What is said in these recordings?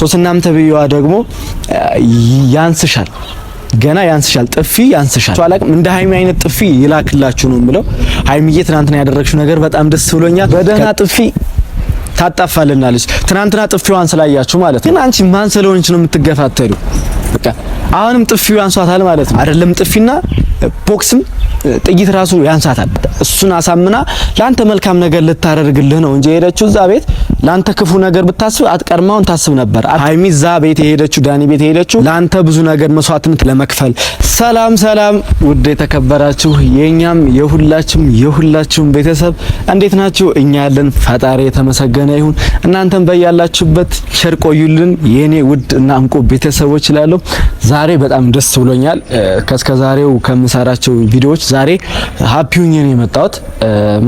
ሶስናም ተብዬዋ ደግሞ ያንስሻል ገና ያንስሻል፣ ጥፊ ያንስሻል። አላቅም እንደ ሀይሚ አይነት ጥፊ ይላክላችሁ ነው የምለው። ሀይሚዬ ትናንትና ያደረግሽው ነገር በጣም ደስ ብሎኛል። በደህና ጥፊ ታጣፋልናለች። ትናንትና ጥፊዋን ስላያችሁ ማለት ነው። ግን አንቺ ማን ስለሆንች ነው የምትገፋተሉ? በቃ አሁንም ጥፊው ያንሷታል ማለት ነው። አይደለም ጥፊና ቦክስም ጥይት ራሱ ያንሳታል። እሱን አሳምና ለአንተ መልካም ነገር ልታደርግልህ ነው እንጂ የሄደችው እዛ ቤት ላንተ ክፉ ነገር ብታስብ አትቀድማውን ታስብ ነበር። ሀይሚ እዛ ቤት የሄደችው ዳኒ ቤት የሄደችው ላንተ ብዙ ነገር መስዋዕትነት ለመክፈል። ሰላም ሰላም፣ ውድ የተከበራችሁ የኛም የሁላችሁም የሁላችሁም ቤተሰብ እንዴት ናችሁ? እኛ ያለን ፈጣሪ የተመሰገነ ይሁን። እናንተም በያላችሁበት ቸር ቆዩልን የኔ ውድ እና እንቁ ቤተሰቦች እላለሁ። ዛሬ በጣም ደስ ብሎኛል። ከእስከ ዛሬው ከምሰራቸው ቪዲዮዎች ዛሬ ሃፒ ነው የመጣሁት።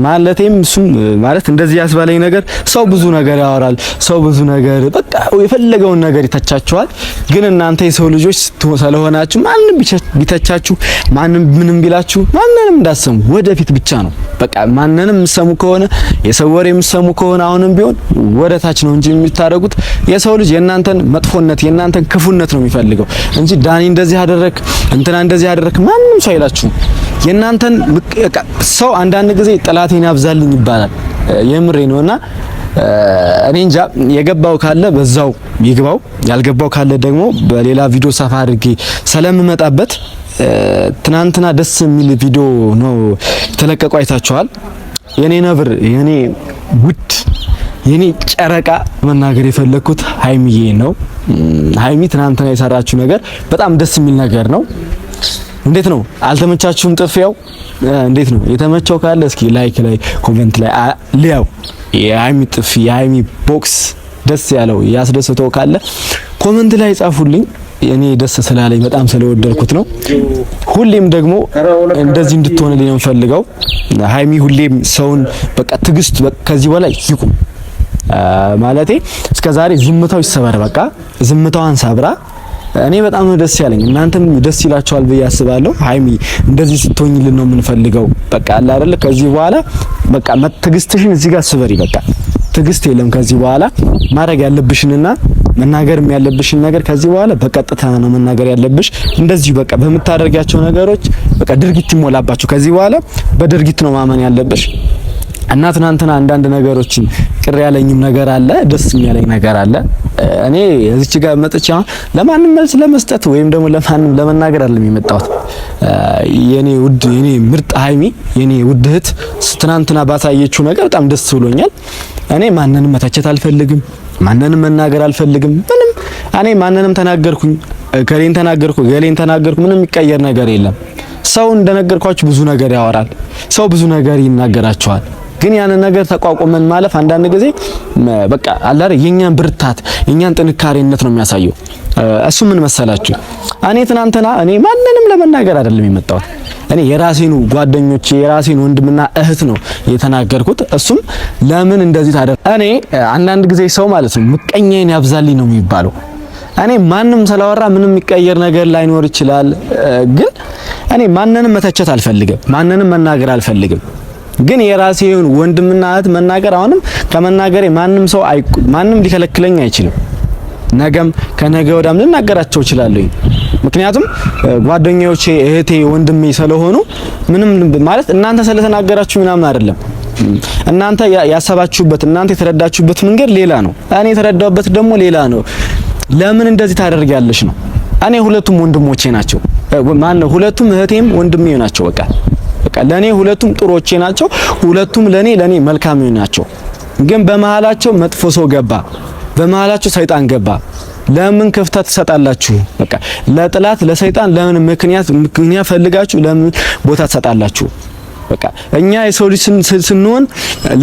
ማለቴም እሱም ማለት እንደዚህ ያስባለኝ ነገር ሰው ብዙ ነገር ነገር ያወራል፣ ሰው ብዙ ነገር በቃ የፈለገውን ነገር ይተቻችኋል። ግን እናንተ የሰው ልጆች ስለሆናችሁ ማንም ቢተቻችሁ፣ ማንም ምንም ቢላችሁ ማንንም እንዳሰሙ ወደፊት ብቻ ነው በቃ። ማንንም የምሰሙ ከሆነ የሰው ወሬ የምሰሙ ከሆነ አሁንም ቢሆን ወደታች ነው እንጂ የሚታረጉት የሰው ልጅ የእናንተን መጥፎነት የእናንተን ክፉነት ነው የሚፈልገው እንጂ ዳኒ እንደዚህ አደረክ እንትና እንደዚህ አደረክ ማንም ሰው አይላችሁም። የእናንተን ሰው አንዳንድ ጊዜ ጠላቴን ያብዛልኝ ይባላል። የምሬ ነውና እኔ እንጃ የገባው ካለ በዛው ይግባው፣ ያልገባው ካለ ደግሞ በሌላ ቪዲዮ ሰፋ አድርጌ ስለምመጣበት። ትናንትና ደስ የሚል ቪዲዮ ነው የተለቀቁ አይታችኋል። የኔ ነብር፣ የኔ ውድ፣ የኔ ጨረቃ መናገር የፈለግኩት ሀይሚዬ ነው። ሀይሚ ትናንትና የሰራችው ነገር በጣም ደስ የሚል ነገር ነው። እንዴት ነው? አልተመቻችሁም? ጥፊያው እንዴት ነው? የተመቸው ካለ እስኪ ላይክ ላይ ኮሜንት ላይ ሊያው የሀይሚ ጥፊ የሀይሚ ቦክስ ደስ ያለው ያስደስተው ካለ ኮሜንት ላይ ጻፉልኝ። እኔ ደስ ስላለኝ በጣም ስለወደድኩት ነው። ሁሌም ደግሞ እንደዚህ እንድትሆንልኝ ነው ፈልገው። ሀይሚ ሁሌም ሰውን በቃ ትግስት ከዚህ በላይ ይቁም ማለቴ እስከዛሬ ዝምታው ይሰበር። በቃ ዝምታዋን ሰብራ እኔ በጣም ነው ደስ ያለኝ፣ እናንተም ደስ ይላችኋል ብዬ አስባለሁ። ሀይሚ እንደዚህ ስትሆኝልን ነው የምንፈልገው። በቃ አለ አይደለ? ከዚህ በኋላ በቃ ትዕግስትሽን እዚህ ጋር ስበሪ። በቃ ትዕግስት የለም ከዚህ በኋላ ማድረግ ያለብሽንና መናገርም ያለብሽን ነገር ከዚህ በኋላ በቀጥታ ነው መናገር ያለብሽ። እንደዚሁ በቃ በምታደርጋቸው ነገሮች በቃ ድርጊት ይሞላባቸው። ከዚህ በኋላ በድርጊት ነው ማመን ያለብሽ። እና ትናንትና አንዳንድ ነገሮችን ቅር ያለኝም ነገር አለ፣ ደስ የሚያለኝ ነገር አለ። እኔ እዚች ጋር መጥቻ ለማንም መልስ ለመስጠት ወይም ደግሞ ለማንም ለመናገር አይደለም የመጣሁት። የኔ ውድ የኔ ምርጥ ሀይሚ የኔ ውድ እህት ትናንትና ባሳየችው ነገር በጣም ደስ ብሎኛል። እኔ ማንንም መተቸት አልፈልግም፣ ማንንም መናገር አልፈልግም። ምንም እኔ ማንንም ተናገርኩኝ፣ ገሌን ተናገርኩ፣ ገሌን ተናገርኩ፣ ምንም የሚቀየር ነገር የለም። ሰው እንደነገርኳችሁ ብዙ ነገር ያወራል። ሰው ብዙ ነገር ይናገራቸዋል። ግን ያንን ነገር ተቋቁመን ማለፍ አንዳንድ ጊዜ በቃ አላረ የኛን ብርታት የኛን ጥንካሬነት ነው የሚያሳየው። እሱ ምን መሰላችሁ? እኔ ትናንትና እኔ ማንንም ለመናገር አይደለም የመጣሁት። እኔ የራሴን ጓደኞቼ የራሴን ወንድምና እህት ነው የተናገርኩት። እሱም ለምን እንደዚህ ታደር እኔ አንዳንድ ጊዜ ሰው ማለት ነው ምቀኛዬን ያብዛልኝ ነው የሚባለው። እኔ ማንም ስላወራ ምንም የሚቀየር ነገር ላይኖር ይችላል፣ ግን እኔ ማንንም መተቸት አልፈልግም። ማንንም መናገር አልፈልግም። ግን የራሴውን ወንድምና እህት መናገር አሁንም ከመናገሬ ማንም ሰው ማንም ሊከለክለኝ አይችልም። ነገም ከነገ ወዳም ልናገራቸው እችላለሁ። ምክንያቱም ጓደኛዎቼ፣ እህቴ፣ ወንድሜ ስለሆኑ ምንም ማለት እናንተ ስለተናገራችሁ ምናምን አይደለም። እናንተ ያሰባችሁበት እናንተ የተረዳችሁበት መንገድ ሌላ ነው። እኔ የተረዳሁበት ደግሞ ሌላ ነው። ለምን እንደዚህ ታደርጊያለሽ ነው። እኔ ሁለቱም ወንድሞቼ ናቸው። ማን ነው? ሁለቱም እህቴም ወንድሜ ናቸው። በቃ በቃ ለኔ ሁለቱም ጥሮቼ ናቸው። ሁለቱም ለኔ ለኔ መልካም ናቸው። ግን በመሃላቸው መጥፎ ሰው ገባ፣ በመሃላቸው ሰይጣን ገባ። ለምን ክፍተት ትሰጣላችሁ? በቃ ለጥላት ለሰይጣን ለምን ምክንያት ምክንያት ፈልጋችሁ ለምን ቦታ ትሰጣላችሁ? በቃ እኛ የሰው ልጅ ስንሆን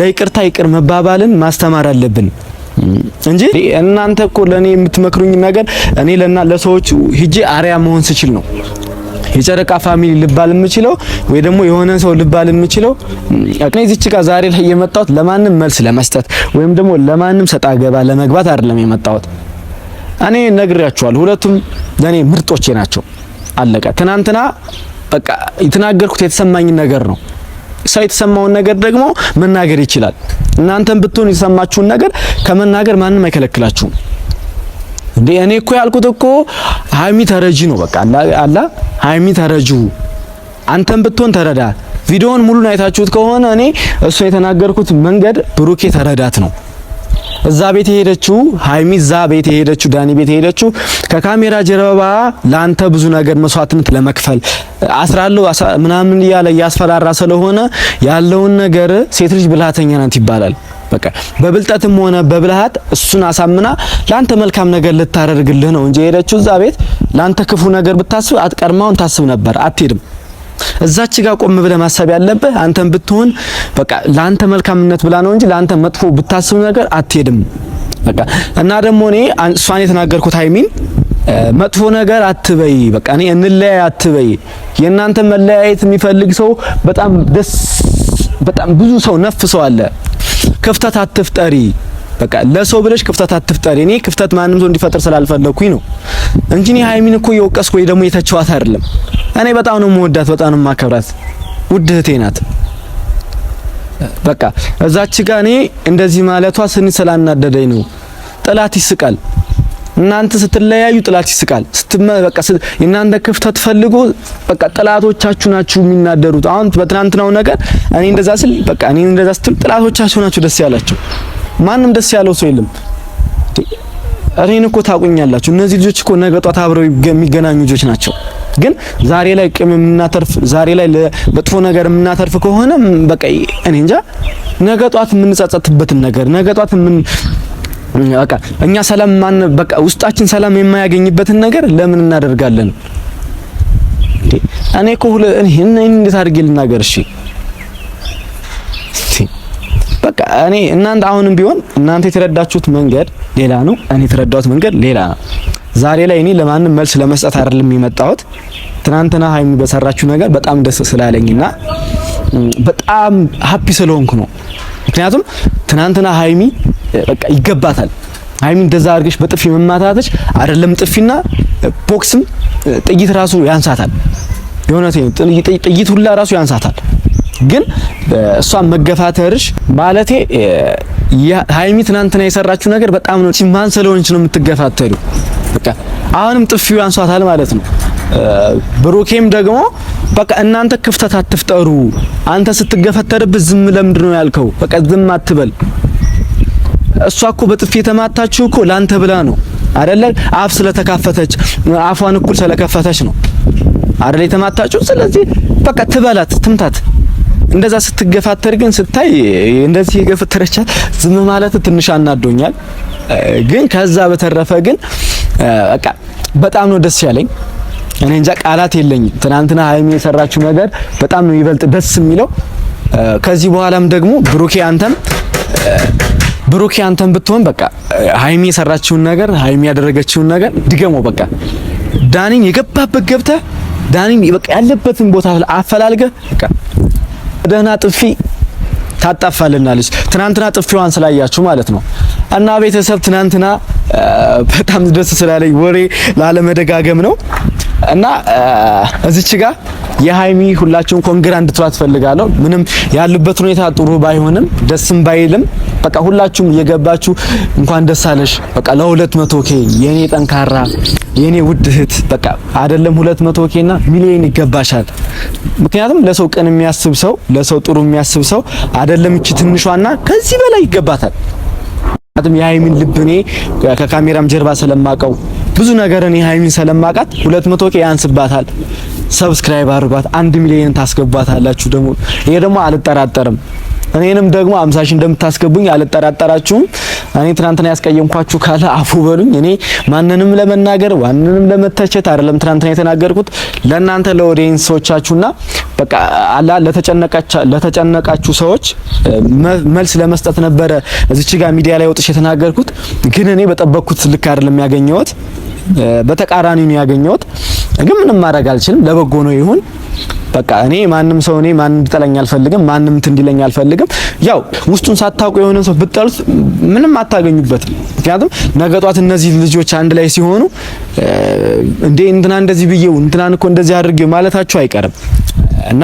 ለይቅርታ ይቅር መባባልን ማስተማር አለብን እንጂ እናንተ እኮ ለኔ የምትመክሩኝ ነገር እኔ ለና ለሰዎች ሂጄ አሪያ መሆን ስችል ነው የጨረቃ ፋሚሊ ልባል የምችለው ወይ ደግሞ የሆነ ሰው ልባል የምችለው እኔ እዚች ጋር ዛሬ ላይ የመጣሁት ለማንም መልስ ለመስጠት ወይም ደግሞ ለማንም ሰጣ ገባ ለመግባት አይደለም የመጣሁት። እኔ ነግሬያችኋለሁ፣ ሁለቱም ለኔ ምርጦቼ ናቸው። አለቀ። ትናንትና በቃ የተናገርኩት የተሰማኝ ነገር ነው። ሰው የተሰማውን ነገር ደግሞ መናገር ይችላል። እናንተም ብትሆኑ የተሰማችሁን ነገር ከመናገር ማንም አይከለክላችሁም። እንዴ እኔ እኮ ያልኩት እኮ ሀይሚ ተረጂ ነው። በቃ አላ ሀይሚ ተረጂ፣ አንተም ብትሆን ተረዳ። ቪዲዮውን ሙሉን አይታችሁት ከሆነ እኔ እሱ የተናገርኩት መንገድ ብሩኬ ተረዳት ነው። እዛ ቤት የሄደችው ሀይሚ እዛ ቤት የሄደችው ዳኒ ቤት የሄደችው ከካሜራ ጀርባ ለአንተ ብዙ ነገር መስዋዕትነት ለመክፈል አስራለሁ ምናምን እያለ እያስፈራራ ስለሆነ ያለውን ነገር ሴት ልጅ ብልሃተኛ ናት ይባላል። በቃ በብልጠትም ሆነ በብልሃት እሱን አሳምና ላንተ መልካም ነገር ልታደርግልህ ነው እንጂ የሄደችው እዛ ቤት ላንተ ክፉ ነገር ብታስብ አትቀድማውን ታስብ ነበር፣ አትሄድም። እዛች ጋር ቆም ብለህ ማሰብ ያለብህ አንተም ብትሆን በቃ ለአንተ መልካምነት ብላ ነው እንጂ ላንተ መጥፎ ብታስብ ነገር አትሄድም። በቃ እና ደግሞ እኔ እሷን የተናገርኩት ሀይሚን መጥፎ ነገር አትበይ፣ በቃ እኔ እንለያይ አትበይ። የእናንተ መለያየት የሚፈልግ ሰው በጣም ደስ በጣም ብዙ ሰው ነፍ ሰው አለ። ክፍተት አትፍጠሪ። በቃ ለሰው ብለሽ ክፍተት አትፍጠሪ። እኔ ክፍተት ማንም ሰው እንዲፈጠር ስላልፈለኩኝ ነው እንጂ እኔ ሀይሚን እኮ የወቀስኩ ወይ ደግሞ የተቸዋት አይደለም። እኔ በጣም ነው የምወዳት፣ በጣም ነው የማከብራት፣ ውድ እህቴ ናት። በቃ እዛች ጋ እኔ እንደዚህ ማለቷ ስን ስላናደደኝ ነው። ጥላት ይስቃል። እናንተ ስትለያዩ ጥላት ይስቃል። ስትመ በቃ እናንተ ክፍተት ፈልጎ በቃ ጥላቶቻችሁ ናችሁ የሚናደሩት። አሁን በትናንትናው ነገር እኔ እንደዛ ስል በቃ እኔ እንደዛ ስትል ጥላቶቻችሁ ናችሁ ደስ ያላቸው። ማንም ደስ ያለው ሰው የለም። እኔን እኮ ታቁኛላችሁ። እነዚህ ልጆች እኮ ነገ ጧት አብረው የሚገናኙ ልጆች ናቸው። ግን ዛሬ ላይ ቅም የምናተርፍ ዛሬ ላይ ለመጥፎ ነገር የምናተርፍ ከሆነ በቃ እኔ እንጃ ነገ ጧት የምንጸጸትበትን ነገር ነገ ጧት በቃ እኛ ሰላም ማን በቃ ውስጣችን ሰላም የማያገኝበትን ነገር ለምን እናደርጋለን? እኔ እኮ እኔ እንዴት አድርጌ ልናገር? እሺ በቃ እኔ እናንተ አሁንም ቢሆን እናንተ የተረዳችሁት መንገድ ሌላ ነው፣ እኔ የተረዳሁት መንገድ ሌላ ነው። ዛሬ ላይ እኔ ለማንም መልስ ለመስጠት አይደለም የመጣሁት። ትናንትና ሀይሚ በሰራችሁ ነገር በጣም ደስ ስላለኝና በጣም ሀፒ ስለሆንኩ ነው። ምክንያቱም ትናንትና ሀይሚ በቃ ይገባታል። ሀይሚ እንደዛ አድርገሽ በጥፊ መማታተች አይደለም ጥፊና ቦክስም ጥይት ራሱ ያንሳታል። የሆነ ጥይት ሁላ ራሱ ያንሳታል። ግን እሷ መገፋተርሽ ማለቴ ሀይሚ ትናንትና የሰራችው ነገር በጣም ነው። ማን ስለሆንች ነው የምትገፋተሩ? በቃ አሁንም ጥፊው ያንሷታል ማለት ነው። ብሩኬም ደግሞ በቃ እናንተ ክፍተት አትፍጠሩ አንተ ስትገፈተርብህ ዝም ለምንድን ነው ያልከው? በቃ ዝም አትበል። እሷ እኮ በጥፊ የተማታችሁ እኮ ላንተ ብላ ነው አይደለ? አፍ ስለተካፈተች አፏን እኩል ስለከፈተች ነው አይደለ የተማታችሁ። ስለዚህ በቃ ትበላት፣ ትምታት። እንደዛ ስትገፋተር ግን ስታይ እንደዚህ የገፈተረቻት ዝም ማለት ትንሽ አናዶኛል። ግን ከዛ በተረፈ ግን በቃ በጣም ነው ደስ ያለኝ። እኔ እንጃ ቃላት የለኝ ትናንትና ሀይሚ የሰራችው ነገር በጣም ነው ይበልጥ ደስ የሚለው። ከዚህ በኋላም ደግሞ ብሩኬ አንተም ብሩኬ አንተም ብትሆን በቃ ሀይሚ የሰራችውን ነገር ሀይሚ ያደረገችውን ነገር ድገሞ በቃ ዳኒን የገባበት ገብተ ዳኒን በቃ ያለበትን ቦታ አፈላልገ በቃ ደህና ጥፊ ታጣፋልናለች። ትናንትና ጥፊዋን ስላያችሁ ማለት ነው። እና ቤተሰብ ትናንትና በጣም ደስ ስላለኝ ወሬ ላለመደጋገም ነው እና እዚች ጋር የሀይሚ ሁላችሁም ኮንግራ እንድትሏት ፈልጋለሁ። ምንም ያሉበት ሁኔታ ጥሩ ባይሆንም ደስም ባይልም በቃ ሁላችሁም እየገባችሁ እንኳን ደስ አለሽ። በቃ ለ200 ኬ የኔ ጠንካራ የኔ ውድ እህት በቃ አይደለም 200 ኬ እና ሚሊዮን ይገባሻል። ምክንያቱም ለሰው ቅን የሚያስብ ሰው፣ ለሰው ጥሩ የሚያስብ ሰው አይደለም እቺ ትንሿና ከዚህ በላይ ይገባታል። ምክንያቱም የሀይሚን ልብ እኔ ከካሜራም ጀርባ ስለማቀው ብዙ ነገር እኔ ሀይሚን ስለማውቃት ሁለት ኬ ያንስባታል። ሰብስክራይብ አድርጓት፣ አንድ ሚሊዮን ታስገቧታላችሁ። ደግሞ ይሄ ደግሞ አልጠራጠርም። እኔንም ደግሞ 50 ሺህ እንደምታስገቡኝ አልጠራጠራችሁም። እኔ ትናንትና ያስቀየምኳችሁ ካለ አፉ በሉኝ። እኔ ማንንም ለመናገር ዋንንም ለመተቸት አይደለም ትናንትና የተናገርኩት ለእናንተ ለኦዲየንሶቻችሁና በቃ አላ ለተጨነቃችሁ ሰዎች መልስ ለመስጠት ነበረ እዚች ጋር ሚዲያ ላይ ወጥሽ የተናገርኩት። ግን እኔ በጠበቅኩት ልክ አይደለም ያገኘሁት። በተቃራኒ ነው ያገኘሁት። ግን ምንም ማድረግ አልችልም። ለበጎ ነው ይሁን በቃ እኔ ማንም ሰው እኔ ማንም እንዲጠላኝ አልፈልግም። ማንም እንዲለኝ አልፈልግም። ያው ውስጡን ሳታውቁ የሆነ ሰው ብጠሉት ምንም አታገኙበትም። ምክንያቱም ነገ ጧት እነዚህ ልጆች አንድ ላይ ሲሆኑ እንዴ እንትና እንደዚህ ብዬው እንትናን እኮ እንደዚህ አድርጌው ማለታቸው አይቀርም እና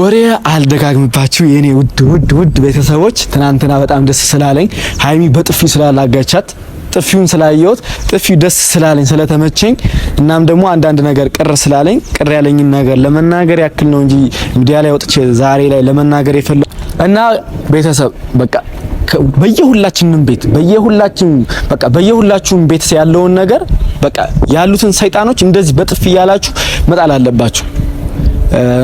ወሬ አልደጋግምባችሁ የኔ ውድ ውድ ውድ ቤተሰቦች ትናንትና በጣም ደስ ስላለኝ ሀይሚ በጥፊ ስላላጋቻት ጥፊውን ስላየሁት ጥፊው ደስ ስላለኝ ስለተመቸኝ፣ እናም ደግሞ አንዳንድ ነገር ቅር ስላለኝ ቅር ያለኝን ነገር ለመናገር ያክል ነው እንጂ ሚዲያ ላይ ወጥቼ ዛሬ ላይ ለመናገር የፈለ እና ቤተሰብ በቃ በየሁላችንም ቤት በየሁላችን በቃ በየሁላችሁም ቤት ያለውን ነገር በቃ ያሉትን ሰይጣኖች እንደዚህ በጥፊ እያላችሁ መጣል አለባችሁ።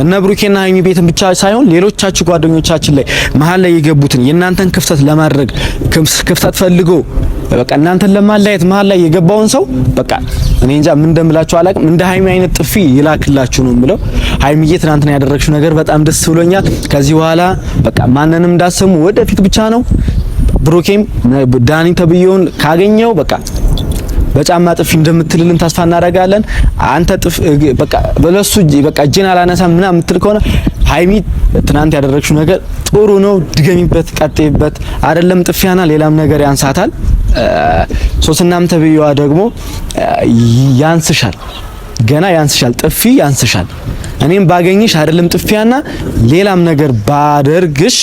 እነ ብሩኬና ሀይሚ ቤትን ብቻ ሳይሆን ሌሎቻችሁ ጓደኞቻችን ላይ መሀል ላይ የገቡትን የእናንተን ክፍተት ለማድረግ ክፍተት ፈልገው በቃ እናንተን ለማለያየት መሀል ላይ የገባውን ሰው በቃ እኔ እንጃ ምን እንደምላችሁ አላቅም። እንደ ሀይሚ አይነት ጥፊ ይላክላችሁ ነው የምለው። ሀይሚዬ ትናንትና ያደረግሽው ነገር በጣም ደስ ብሎኛል። ከዚህ በኋላ በቃ ማንንም እንዳሰሙ ወደፊት ብቻ ነው። ብሩኬም ዳኒ ተብዬውን ካገኘው በቃ በጫማ ጥፊ እንደምትልልን ተስፋ እናደርጋለን። አንተ ጥፍ በቃ በለሱ በቃ እጄን አላነሳም ምናምን የምትል ከሆነ ሀይሚ ትናንት ያደረግሽው ነገር ጥሩ ነው፣ ድገሚበት፣ ቀጥይበት። አይደለም ጥፊያና ሌላም ነገር ያንሳታል። ሶስናም ተብዬዋ ደግሞ ያንስሻል፣ ገና ያንስሻል፣ ጥፊ ያንስሻል። እኔም ባገኝሽ አይደለም ጥፊያና ሌላም ነገር ባደርግሽ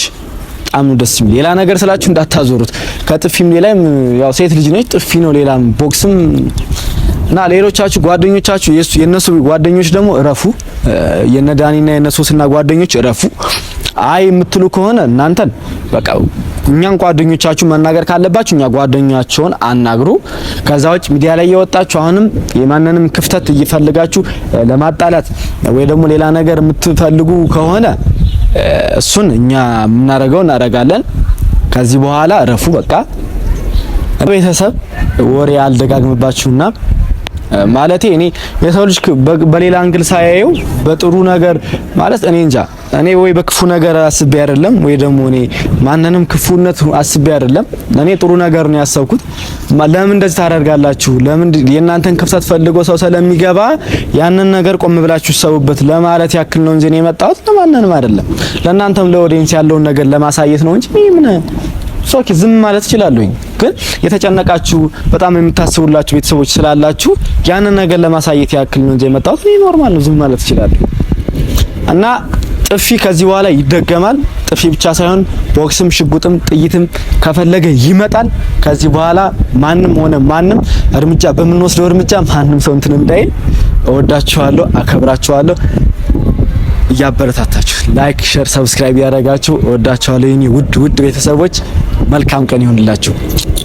በጣም ነው ደስ የሚል። ሌላ ነገር ስላችሁ እንዳታዞሩት። ከጥፊም ሌላም ያው ሴት ልጅ ነች፣ ጥፊ ነው፣ ሌላም ቦክስም እና ሌሎቻችሁ ጓደኞቻችሁ የነሱ ጓደኞች ደግሞ እረፉ። የነዳኒና የነሶስና ጓደኞች እረፉ። አይ የምትሉ ከሆነ እናንተን በቃ እኛን ጓደኞቻችሁ መናገር ካለባችሁ እኛ ጓደኛቸውን አናግሩ። ከዛ ውጭ ሚዲያ ላይ የወጣችሁ አሁንም የማንንም ክፍተት እየፈልጋችሁ ለማጣላት ወይ ደግሞ ሌላ ነገር የምትፈልጉ ከሆነ እሱን እኛ የምናደርገው እናደርጋለን። ከዚህ በኋላ እረፉ በቃ ቤተሰብ ወሬ አልደጋግምባችሁና ማለቴ እኔ የሰው ልጅ በሌላ አንግል ሳያየው በጥሩ ነገር ማለት እኔ እንጃ እኔ ወይ በክፉ ነገር አስቤ አይደለም፣ ወይ ደግሞ እኔ ማንንም ክፉነት አስቤ አይደለም። እኔ ጥሩ ነገር ነው ያሰብኩት። ለምን እንደዚህ ታደርጋላችሁ? ለምን የእናንተን ክፍተት ፈልጎ ሰው ስለሚገባ ያንን ነገር ቆም ብላችሁ ሰውበት ለማለት ያክል ነው እንጂ እኔ የመጣሁት ለማንንም አይደለም። ለእናንተም ለኦዲየንስ ያለውን ነገር ለማሳየት ነው እንጂ ምን ሶኪ ዝም ማለት እችላለሁኝ። ግን የተጨነቃችሁ በጣም የምታስቡላችሁ ቤተሰቦች ስላላችሁ ያንን ነገር ለማሳየት ያክል ነው እንጂ የመጣሁት እኔ ኖርማል ነው፣ ዝም ማለት እችላለሁ እና ጥፊ ከዚህ በኋላ ይደገማል። ጥፊ ብቻ ሳይሆን ቦክስም፣ ሽጉጥም፣ ጥይትም ከፈለገ ይመጣል። ከዚህ በኋላ ማንም ሆነ ማንም እርምጃ በምንወስደው እርምጃ ማንም ሰው እንትን እንዳይል። እወዳችኋለሁ፣ አከብራችኋለሁ። እያበረታታችሁ ላይክ፣ ሼር፣ ሰብስክራይብ ያደረጋችሁ እወዳችኋለሁ። የኔ ውድ ውድ ቤተሰቦች መልካም ቀን ይሁንላችሁ።